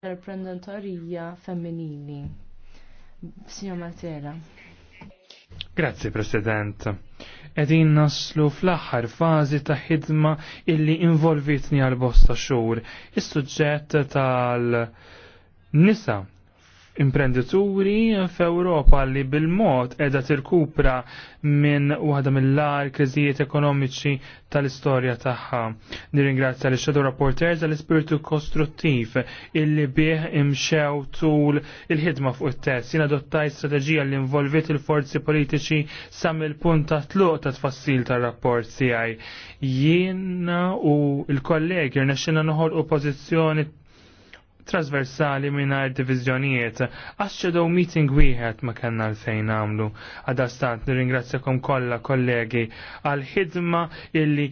l-imprenditorija femminili. Signor Matera. Grazie, President. Edin naslu fl axar fazi ta' ħidma illi involvitni għal-bosta xur. Is-suġġett tal-nisa imprendituri f'Ewropa li bil-mod edha tirkupra minn waħda mill-lar kriżijiet ekonomiċi tal-istorja tagħha. Nirringrazzja l-Shadow Rapporters għall ispirtu kostruttiv illi bih imxew tul il-ħidma fuq it-test. Jien adottaj strateġija li involvit il-forzi politiċi sam il-punt ta' tluq ta' tfassil tar-rapport tiegħi. Jiena u l-kollegi rnexxina noħolqu pożizzjoni trasversali mingħajr diviżjonijiet. Għaxċedow meeting wieħed ma kellna l-fejn għamlu. Għadastant nirringrazzjakom kollha kollegi għal-ħidma illi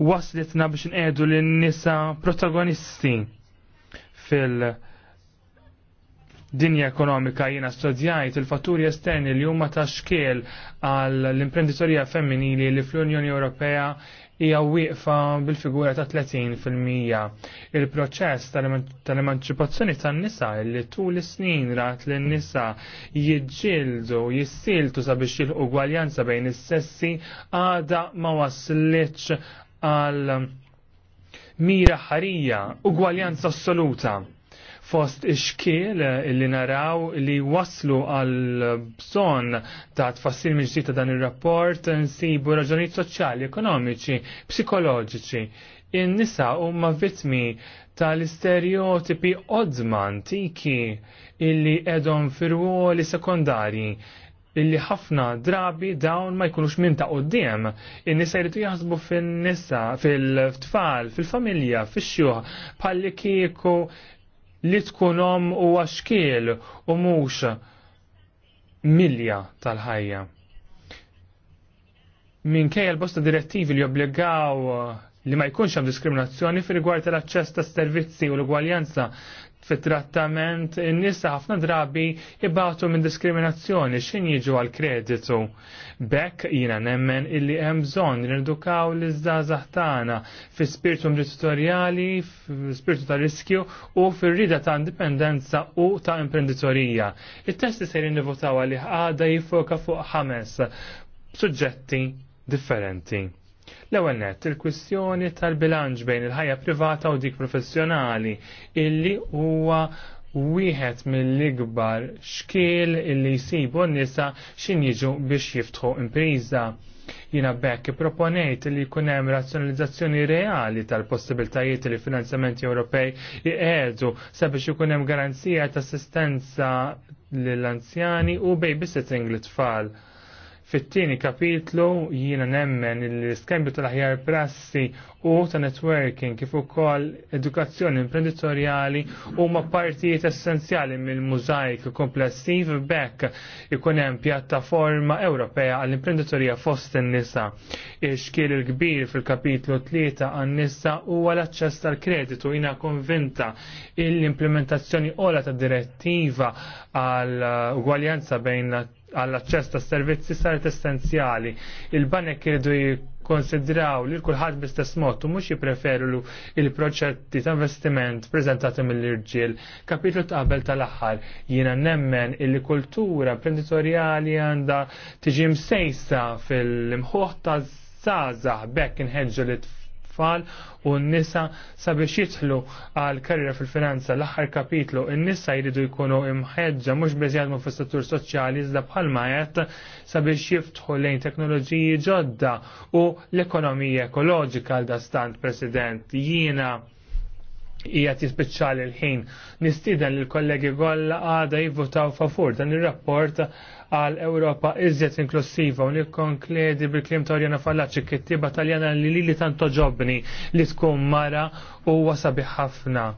waslitna biex nqedu l nisa protagonisti fil- dinja ekonomika jiena studjajt il-fatturi esterni li huma ta' xkiel għall imprenditorija femminili li fl-Unjoni Ewropea hija wieqfa bil-figura ta' 30%. Il-proċess tal-emanċipazzjoni tan-nisa li tul is-snin rat li n-nisa jiġġieldu jissiltu sabiex il-ugwaljanza bejn is-sessi għada ma waslitx għal mira ħarija, ugwaljanza assoluta fost ixkiel eh, li naraw li waslu għal bżon ta' tfassil mill ta' dan il-rapport nsibu raġunijiet soċjali, ekonomiċi, psikoloġiċi. In-nisa huma vittmi tal-istereotipi odma antiki illi edhom firwoli sekondarji illi ħafna drabi dawn ma jkunux minn ta' qoddim. In-nisa jridu jaħsbu fin-nisa, fil-tfal, fil-familja, fix-xjuħ, palli kieku li tkunom u għaxkiel u mux milja tal-ħajja. Min kejja l-bosta direttivi li obbligaw li ma jkunx hemm diskriminazzjoni fir rigward tal-aċċess tas servizzi u l-ugwaljanza fit-trattament in-nisa ħafna drabi ibatu minn diskriminazzjoni xin jiġu għal kreditu. Bekk jina nemmen illi hemm bżonn nirdukaw l iżdażaħ tagħna fi spirtu imprenditorjali, fi spirtu ta' riskju u fir-rida ta' indipendenza u ta' imprenditorija. Il-testi se jinnivotaw għalih għada jifoka fuq ħames suġġetti differenti. L-ewwel nett il-kwistjoni tal-bilanċ bejn il-ħajja privata u dik professjonali illi huwa wieħed mill-ikbar xkiel illi jsibu n-nisa xin jiġu biex jiftħu impriża. Jina bekk proponejt li jkun hemm razzjonalizzazzjoni reali tal-possibiltajiet li finanzjamenti Ewropej jqerdu sabiex ikun hemm garanzija ta' assistenza lill-anzjani u baby sitting l-tfal. Fit-tieni kapitlu jiena nemmen l-iskembju tal-aħjar prassi u ta' networking kif ukoll edukazzjoni imprenditorjali huma partijiet essenzjali mill-mużajk komplessiv bekk ikun hemm pjattaforma Ewropea għall-imprenditorija fost in-nisa. Ix-xkiel il-kbir fil-kapitlu 3 għan-nisa huwa l-aċċess tal-kreditu jiena konvinta l-implementazzjoni ola tad direttiva għall ugwaljanza bejn għall-aċċess tas servizzi saret essenzjali. Il-banek irdu jikkonsidraw li kulħadd bistess mod u mhux jippreferu il-proċetti ta' investiment preżentati mill-irġiel. Kapitlu tqabel tal-aħħar jiena nemmen il kultura imprenditorjali għandha tiġi msejsa fil mħuħ ta' zazah bekk inħeġġu li tfal u n-nisa sabiex jitħlu għal karriera fil-finanza l-aħħar kapitlu n-nisa jridu jkunu imħeġġa mhux biż jaħdmu fis-settur soċjali iżda bħalma qed sabiex jiftħu lejn teknoloġiji ġodda u l-ekonomija ekoloġika għal dastant President jiena hija tispiċċali l-ħin. Nistieden li l-kollegi kollha għada jivvotaw favur dan ir-rapport għal Ewropa iżjed inklusiva u nikkonkledi bil-klim ta' Orjana Fallaċi kittiba taljana li li li tanto ġobni li tkun mara u wasabi ħafna.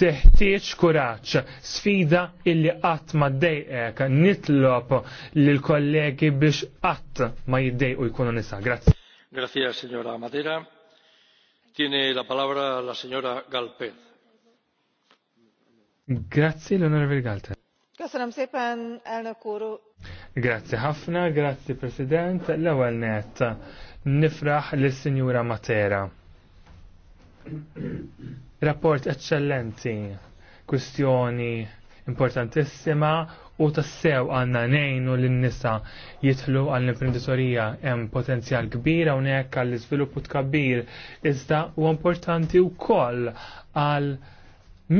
Teħtieġ kuraġġ, sfida illi qatt ma dejqek, nitlob l kollegi biex qatt ma jiddejqu jkunu nisa. Grazzi. Grazie, signora Madeira. Tiene la palabra la signora Galpez. Grazie, l'onorevole Galpez. Köszönöm szépen, elnök úr. Grazie ħafna, grazie President. L-ewwel net nifraħ lis signora Matera. Rapport eccellenti, kwistjoni importantissima u tassew għanna nejnu l-nisa jitħlu għall-imprenditorija hemm potenzjal kbir hawnhekk għall iżviluppu tkabbir iżda u importanti wkoll għal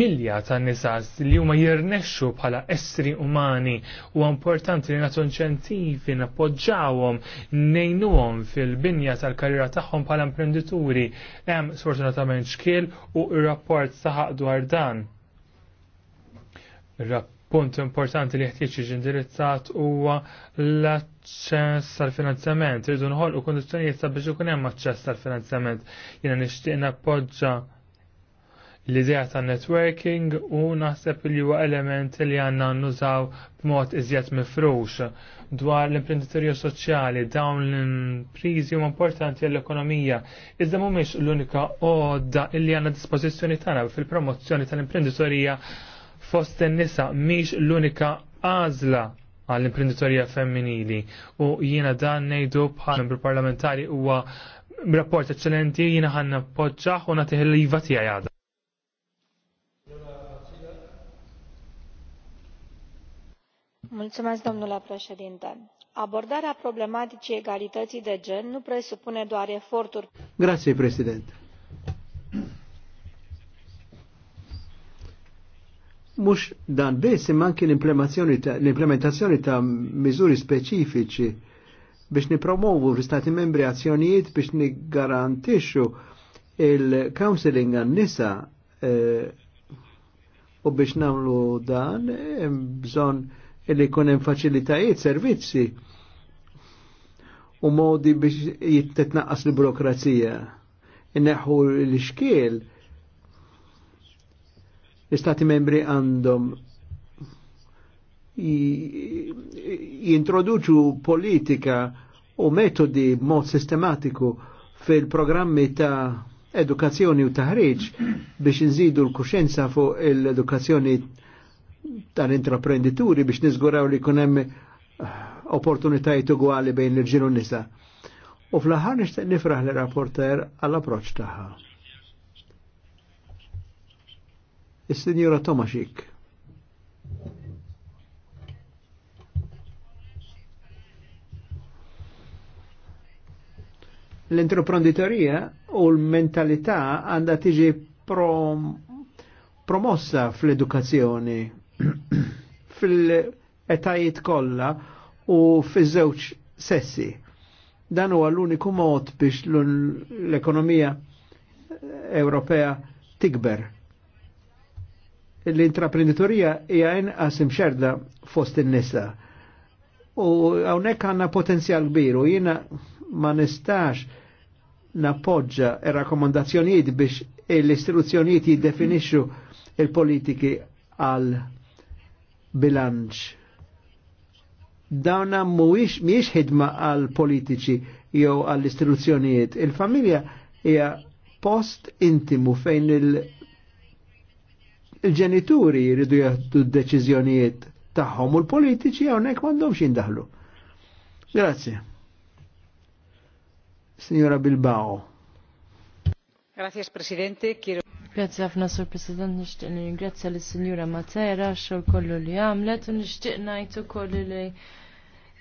milja ta' nisa li huma jirnexxu bħala essri umani u importanti li nagħtu inċentivi nappoġġawhom nejnuhom fil-binja tal-karriera tagħhom bħala imprenditori hemm sfortunatament xkiel u r-rapport saħaq dwar dan. Rapport Punt importanti li jeħtieġ jiġi indirizzat huwa l-aċċess tal-finanzjament. Irridu nħolqu kundizzjonijiet sabiex ikun hemm aċċess tal-finanzjament. Jiena nixtieq nappoġġa l-idea ta' networking u naħseb li huwa element li għandna nużaw b'mod iżjed mifrux dwar l-imprenditorju soċjali dawn l-imprizi huma importanti għall-ekonomija. Iżda mhumiex l-unika għodda illi għandna dispożizzjoni tagħna fil-promozzjoni tal-imprenditorija fost in-nisa miex l-unika għażla għall-imprenditorija femminili u jiena dan ngħidu bħal membru parlamentari huwa rapport eccellenti jiena ħanna poġġaħ u natiħ l-iva tiegħi għadha. Mulțumesc, domnule președinte abordarea problematicii egalității de gen nu presupune doar eforturi. Grazie, președinte. mux dan biss imma anki l-implementazzjoni ta', ta miżuri speċifiċi biex nipromovu l istati membri azzjonijiet biex nigarantixxu il-counseling għan-nisa eh, u biex namlu dan eh, bżon li kunem hemm faċilitajiet, servizzi u modi biex jittetnaqqas l-burokrazija. Inneħu l-xkiel L-Istati membri għandhom jintroduċu politika u metodi mod sistematiku fil-programmi ta' edukazzjoni u taħriġ biex nżidu l-kuxenza fuq l-edukazzjoni tal-intraprendituri biex nizguraw li kunem eh, opportunitajiet ugwali bejn l-irġiel u nisa. U fl-aħħar nixtieq nifraħ l-rapporter għall-approċċ tagħha. Is-Sinjura Tomaxik. L-intreprenditorija u l-mentalità għandha tiġi prom promossa fl-edukazzjoni fil-etajiet kollha u fiż-żewġ sessi. Dan huwa l-uniku mod biex l-ekonomija eh, Ewropea tikber L-intraprenditorija hija inqas imxerda fost in-nisa. U hawnhekk għandna potenzjal kbir u jiena ma nistax nappoġġa ir-rakkomandazzjonijiet biex l-istituzzjonijiet jiddefinixxu il-politiki għal bilanċ. Dawna mhuwiex mhijiex ħidma għal politiċi jew għall istituzzjonijiet. Il-familja hija post intimu fejn il- il-ġenituri jridu jaħdu d-deċiżjonijiet tagħhom u l-politiċi hawnhekk m'għandhomx jindaħlu. Grazie. Signora Bilbao. Grazie Presidente. Quiero... Grazie ħafna Sur President, nixtieq ningrazzja lis sinjura Matera xol kollu li għamlet u nixtieq ngħid ukoll li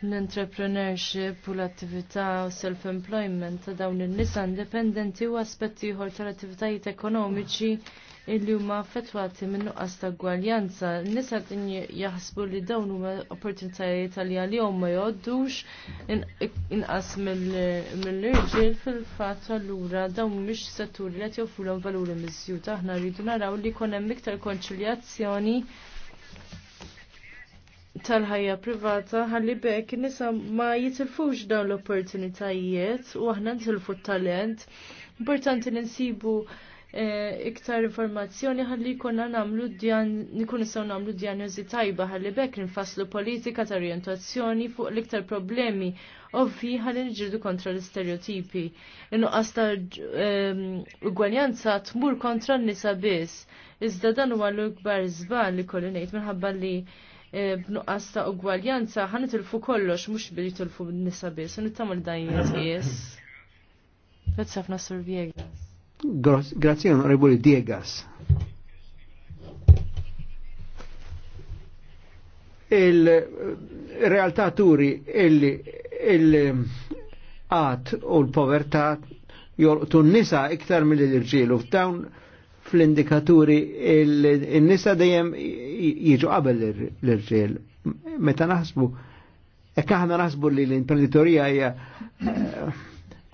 l-entrepreneurship u l-attività u self-employment ta' dawn in-nisa indipendenti u aspetti ieħor tal-attivitajiet ekonomiċi illi huma affettwati minn nuqqas ta' gwaljanza. Nisa din jaħsbu li dawn huma opportunitajiet li għalihom ma jgħoddux inqas mill-irġiel fil-fatt allura dawn mhux setturi li qed joffrulhom valuri miżjud. Aħna rridu naraw li jkun hemm iktar konċiljazzjoni tal-ħajja privata ħalli bekk nisa ma jitilfux dawn l-opportunitajiet u aħna nitilfu t-talent. Importanti li nsibu E, iktar informazzjoni ħalli jkollna nagħmlu djan nikun nistgħu nagħmlu djanjosi tajba ħalli bekk nfasslu politika ta' orientazzjoni fuq l-iktar problemi ovvi ħalli nġirdu kontra l-istereotipi. Inqas ta' ugwaljanza tmur kontra n-nisa biss. Iżda dan huwa l-ikbar żbal li kolli ngħid minħabba li e, b'nuqqas ta' ugwaljanza ħan nitilfu kollox mhux billi tilfu n-nisa biss, u nittamal dan jitqies. Grazzi ħafna Sur Viegas. Grazie onorevole Diegas. Il-realtà eh, turi il-għat eh, u l-povertà jolqtu n-nisa iktar mill-irġiel u f'dawn fl-indikaturi il-nisa dejjem jiġu qabel l-irġiel. Meta naħsbu, ekk aħna naħsbu li l-imprenditorija hija eh,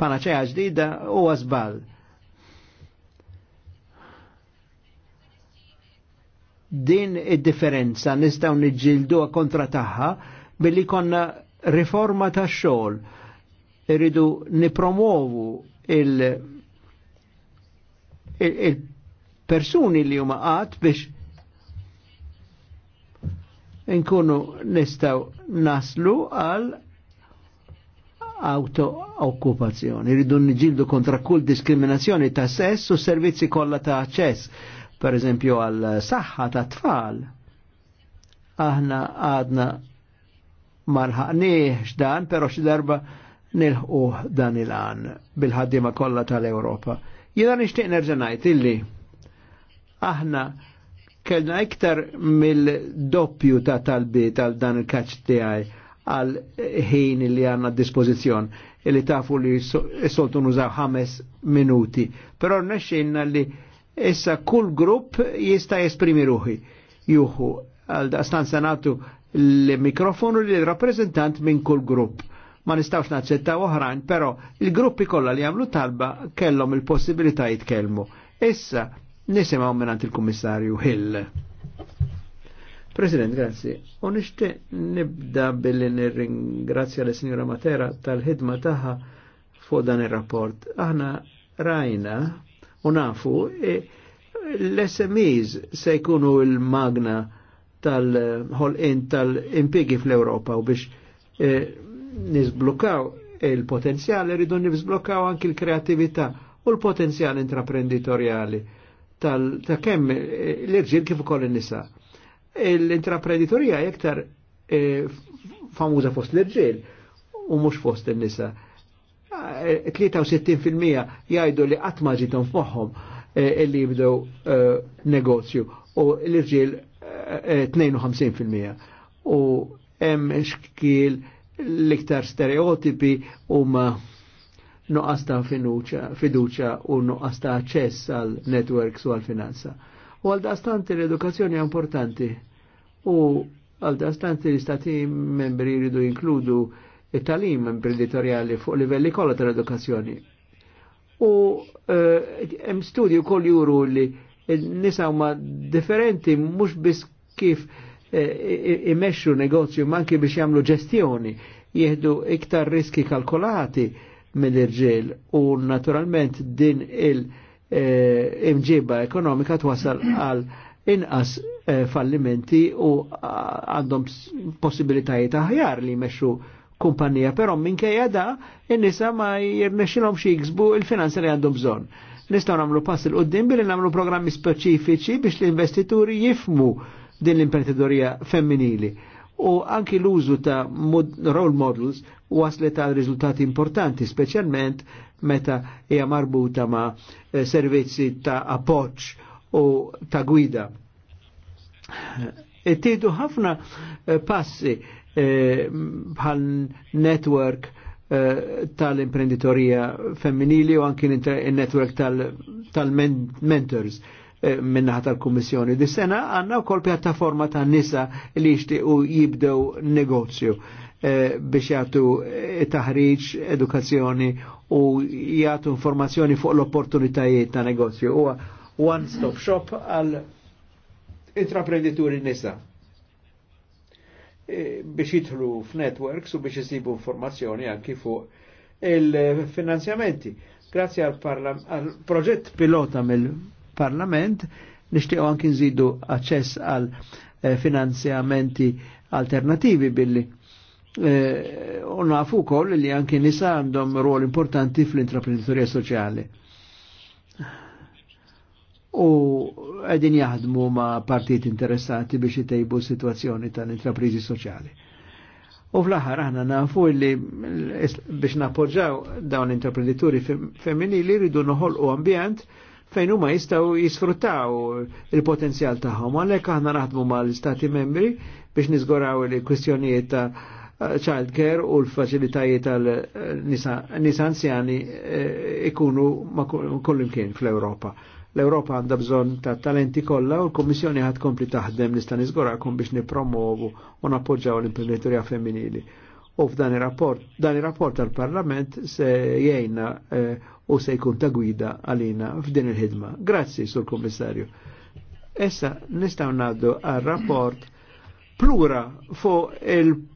panaċeja ġdida u għazbal. din id-differenza nistaw nġildu kontra taħħa billi konna riforma ta' xogħol irridu nipromuovu il- il-persuni il li huma qatt biex inkunu nistaw naslu għal auto-okkupazzjoni. Rridu nġildu kontra kull diskriminazzjoni ta' sess u servizzi kollha ta' aċċess per eżempju għal saħħa ta' tfal. Aħna għadna marħaqniex dan, pero xi darba dan il-għan bil-ħaddima kollha tal-Ewropa. Jiena nixtieq nerġa' ngħid illi aħna kellna iktar mill-doppju ta' talbi tal dan il-kaċ tiegħi għal ħin li għanna dispożizzjon li tafu li soltu nużaw ħames minuti. Pero nesċinna li issa kull grupp jista' jesprimi ruħi. Juhu, għal daqstan sanatu l-mikrofonu li rappresentant minn kull grupp. Ma nistawx naċċettaw oħrajn, pero il-gruppi kollha li għamlu talba kellhom il-possibilità jitkellmu. Issa nisimgħu minn il-Kummissarju Hill. President, grazzi. U nibda billi nirringrazzja l signora Matera tal-ħidma tagħha fuq dan ir-rapport. Aħna rajna u nafu, e, l-SMEs se jkunu il-magna tal-ħolqin tal-impigi fl-Europa u biex e, nizblukaw il-potenzjal rridu nizblukaw anki l-kreativita u l-potenzjal intraprenditoriali ta' kemm e, l-irġil kif ukoll in-nisa. L-intraprenditorija iktar famuża fost l-irġil u mhux fost in-nisa. 63% eh, jgħidu li qatt ma ġitom eh, illi jibdu eh, negozju u l-irġiel 52%. U hemm xkiel l-iktar stereotipi huma nuqqas ta' fiduċa u nuqqas ta' aċċess għal networks u għal finanza. U għal dastant l-edukazzjoni importanti u għal dastant l-istati membri jridu jinkludu it-talim imprenditoriali fuq livelli kollha tal-edukazzjoni. U eh, hemm uh, studju wkoll juru li nisa huma differenti mhux biss kif uh, imexxu negozju manki biex jagħmlu ġestjoni jieħdu iktar riski kalkolati minn irġiel u naturalment din il-imġiba eh, ekonomika twasal għal inqas fallimenti u għandhom possibilitajiet aħjar li jmexxu kumpanija, però minkejja da in-nisa ma jirnexilom xi jiksbu il-finanzi li għandhom bżonn. Nistgħu nagħmlu pass il qudiem billi nagħmlu programmi speċifiċi biex l-investituri jifmu din l-imprenditorija femminili. U anki l-użu ta' mod role models waslet għal riżultati importanti, speċjalment meta hija marbuta ma' eh, servizzi ta' appoġġ u ta' gwida. Eh, Tidu ħafna eh, passi bħal network eh, tal-imprenditorija femminili u anki il-network tal-mentors eh, minnaħat tal-Kommissjoni. Di sena għanna u kol pjattaforma ta' nisa li u jibdew negozju eh, biex jgħatu taħriġ, edukazzjoni u jgħatu informazzjoni fuq l-opportunitajiet ta' negozju. U one-stop shop għal intraprenditori nisa. E, biex jidħlu networks u biex jisibu informazzjoni anki fuq il-finanzjamenti. Grazie għal proġett pilota mill-Parlament nishtiqo anki nżidu aċċess għal e, finanzjamenti alternativi billi e, unnafu koll li anki nisa għandhom ruol importanti fl intraprenditoria soċjali. U għedin jaħdmu ma' partijt interessati biex jitejbu situazzjoni tal-intraprizi soċjali. U fl-aħħar aħna nafu li biex nappoġġaw dawn l-intraprenditori femminili rridu noħolqu ambjent fejn huma jistgħu jisfruttaw il-potenzjal tagħhom għalhekk aħna naħdmu mal istati membri biex niżgoraw il-kwistjonijiet ta' child care u l-faċilitajiet tal-nisa anzjani eh, ikunu ma' kollimkien fl-Ewropa. L-Europa għandha bżonn ta' talenti kollha u l-Kummissjoni ħad kompli taħdem nista' niżgurakom biex nippromovu u nappoġġaw l-imprenditorja femminili. U f'dan ir-rapport, dan ir-rapport tal-Parlament se jgħinna eh, u se jkun ta' gwida għalina f'din il-ħidma. Grazzi, Sur Kummissarju. Essa nistgħu ngħaddu għar-rapport plura fuq il-